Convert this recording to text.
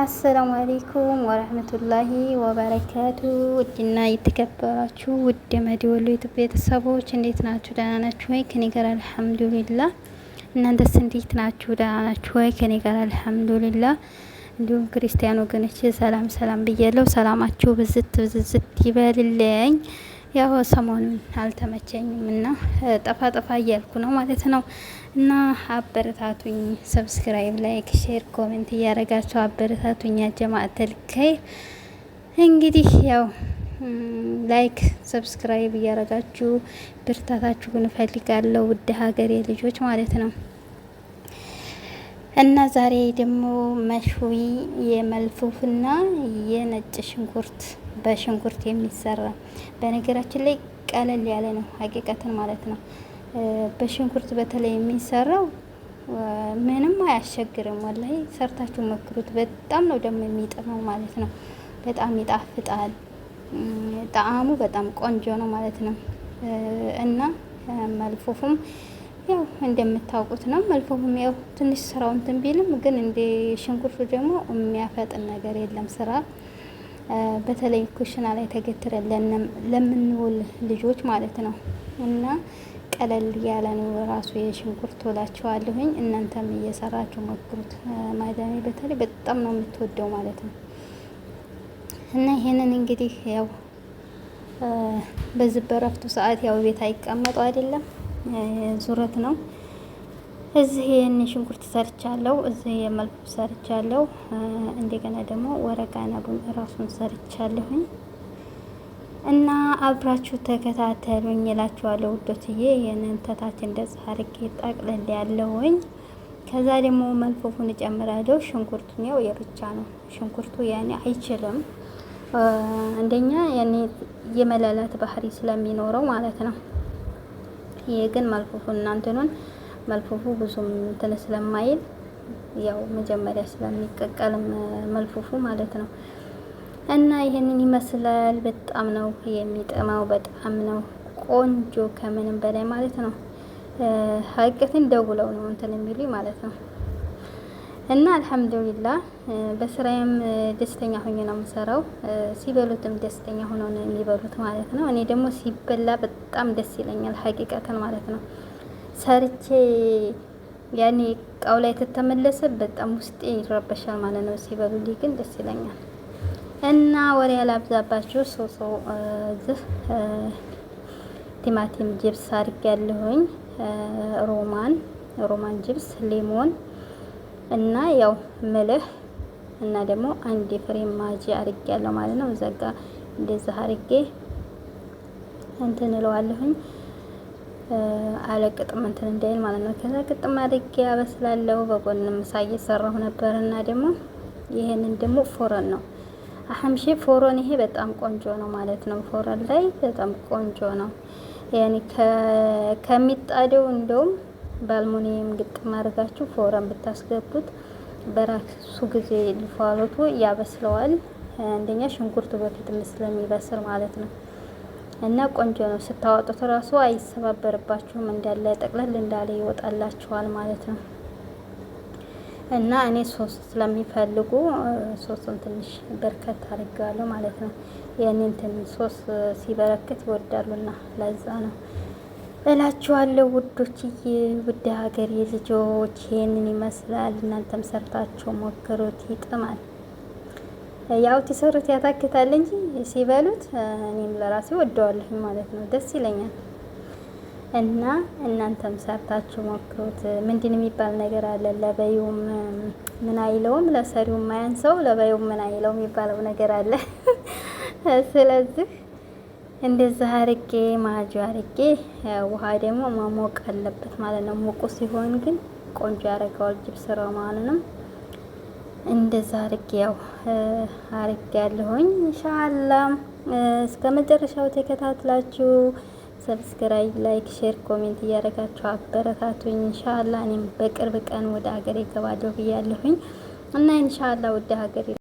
አሰላሙ አሌይኩም ወረህመቱላሂ ወበረካቱ ውድና የተከበራችሁ ውድ የመዲወሉ ዩቱብ ቤተሰቦች እንዴት ናችሁ? ደህና ናችሁ ወይ? ከኔ ጋር አልሐምዱሊላ። እናንተስ እንዴት ናችሁ? ደህና ናችሁ ወይ? ከኔ ጋር አልሐምዱሊላ። እንዲሁም ክርስቲያን ወገኖች ሰላም ሰላም ብያለሁ። ሰላማችሁ ብዝት ብዝዝት ይበልልኝ። ያው ሰሞኑን አልተመቸኝም እና ጠፋ ጠፋ እያልኩ ነው ማለት ነው። እና አበረታቱኝ፣ ሰብስክራይብ፣ ላይክ፣ ሼር፣ ኮሜንት እያደረጋችሁ አበረታቱኝ። ያጀማእተል ከይር እንግዲህ ያው ላይክ ሰብስክራይብ እያደረጋችሁ ብርታታችሁን እፈልጋለሁ ውድ ሀገሬ ልጆች ማለት ነው። እና ዛሬ ደግሞ መሽዊ የመልፉፍና የነጭ ሽንኩርት በሽንኩርት የሚሰራ በነገራችን ላይ ቀለል ያለ ነው፣ ሀቂቀትን ማለት ነው። በሽንኩርት በተለይ የሚሰራው ምንም አያስቸግርም። ወላሂ ሰርታችሁ መክሩት በጣም ነው ደግሞ የሚጥመው ማለት ነው። በጣም ይጣፍጣል። ጣዕሙ በጣም ቆንጆ ነው ማለት ነው። እና መልፎፉም ያው እንደምታውቁት ነው። መልፎፉም ያው ትንሽ ስራው እንትን ቢልም ግን እንደ ሽንኩርቱ ደግሞ የሚያፈጥን ነገር የለም ስራ በተለይ ኩሽና ላይ ተገትረን ለምንውል ልጆች ማለት ነው እና ቀለል ያለ ነው ራሱ የሽንኩርት ወላችኋለሁኝ። እናንተም እየሰራችሁ ሞክሩት። ማዳሜ በተለይ በጣም ነው የምትወደው ማለት ነው እና ይሄንን እንግዲህ ያው በዚህ በረፍቱ ሰዓት ያው ቤት አይቀመጡ አይደለም ዙረት ነው እዚህ ይህን ሽንኩርት ሰርቻለሁ። እዚህ የመልኩ ሰርቻለሁ። እንደገና ደግሞ ወረቃ ነቡን ራሱን ሰርቻለሁኝ እና አብራችሁ ተከታተሉኝ እላችኋለሁ ውዶትዬ። ይህንን ተታች እንደዛ አድርጌ ጠቅልል ያለውኝ። ከዛ ደግሞ መልፎፉን እጨምራለሁ። ሽንኩርቱን ያው የብቻ ነው። ሽንኩርቱ ያኔ አይችልም አንደኛ ያኔ የመላላት ባህሪ ስለሚኖረው ማለት ነው። ይህ ግን መልፎፉን እናንተኑን መልፎፉ ብዙም እንትን ስለማይል ያው መጀመሪያ ስለሚቀቀል መልፎፉ ማለት ነው። እና ይህንን ይመስላል። በጣም ነው የሚጠማው። በጣም ነው ቆንጆ ከምንም በላይ ማለት ነው። ሀቂቀትን ደውለው ነው እንትን የሚሉ ማለት ነው። እና አልሐምዱሊላ በስራዬም ደስተኛ ሆኜ ነው የምሰራው። ሲበሉትም ደስተኛ ሆኖ ነው የሚበሉት ማለት ነው። እኔ ደግሞ ሲበላ በጣም ደስ ይለኛል ሀቂቀትን ማለት ነው። ሰርቼ ያኔ እቃው ላይ ተተመለሰ በጣም ውስጤ ይረበሻል ማለት ነው። ሲበሉልኝ ግን ደስ ይለኛል። እና ወሬ ያላብዛባችሁ ሶሶ እዚህ ቲማቲም ጅብስ አድርግ ያለሁኝ ሮማን ሮማን ጅብስ፣ ሌሞን እና ያው ምልህ እና ደግሞ አንድ ፍሬ ማጂ አድርግ ያለው ማለት ነው። እዛ ጋ አርጌ አድርጌ እንትን እለዋለሁኝ አለቅጥም እንትን እንዳይል ማለት ነው። ከዛ ቅጥም አድርጌ አበስላለሁ። በጎንም ምሳ እየሰራሁ ነበር እና ደግሞ ይሄንን ደግሞ ፎረን ነው አህምሺ ፎረን። ይሄ በጣም ቆንጆ ነው ማለት ነው። ፎረን ላይ በጣም ቆንጆ ነው ያኔ ከሚጣደው እንደውም በአልሙኒየም ግጥም አድርጋችሁ ፎረን ብታስገቡት በራሱ ጊዜ ልፋሎቱ ያበስለዋል። አንደኛ ሽንኩርቱ በፊትም ስለሚበስል ማለት ነው። እና ቆንጆ ነው። ስታወጡት ራሱ አይሰባበርባችሁም። እንዳለ ጠቅለል እንዳለ ይወጣላችኋል ማለት ነው። እና እኔ ሶስት ስለሚፈልጉ ሶስቱን ትንሽ በርከት አድርጋለሁ ማለት ነው። የኔን ትንሽ ሶስት ሲበረክት ይወዳሉና ለዛ ነው እላችኋለሁ። ውዶችዬ፣ ውድ ሀገሬ ልጆች ይህንን ይመስላል። እናንተም ሰርታቸው ሞክሩት፣ ይጥማል። ያው ትሰሩት ያታክታል እንጂ ሲበሉት እኔም ለራሴ ወደዋለሁ ማለት ነው፣ ደስ ይለኛል። እና እናንተም ሰርታችሁ ሞክሩት። ምንድን የሚባል ነገር አለ ለበዩም ምን አይለውም፣ ለሰሪውም ሰው ለበዩም ምን አይለውም የሚባለው ነገር አለ። ስለዚህ እንደዛ አርጌ ማጆ አርጌ ውሃ ደግሞ መሞቅ አለበት ማለት ነው። ሙቁ ሲሆን ግን ቆንጆ ያደርገዋል ጅብ ስራው ማንንም እንደዛ አርግ ያው አርግ ያለሁኝ ኢንሻአላ እስከ መጨረሻው ተከታትላችሁ ሰብስክራይብ፣ ላይክ፣ ሼር፣ ኮሜንት እያደረጋችሁ አበረታቱኝ። ኢንሻአላ እኔም በቅርብ ቀን ወደ ሀገሬ እገባለሁ ብያለሁኝ እና ኢንሻአላ ወደ ሀገሬ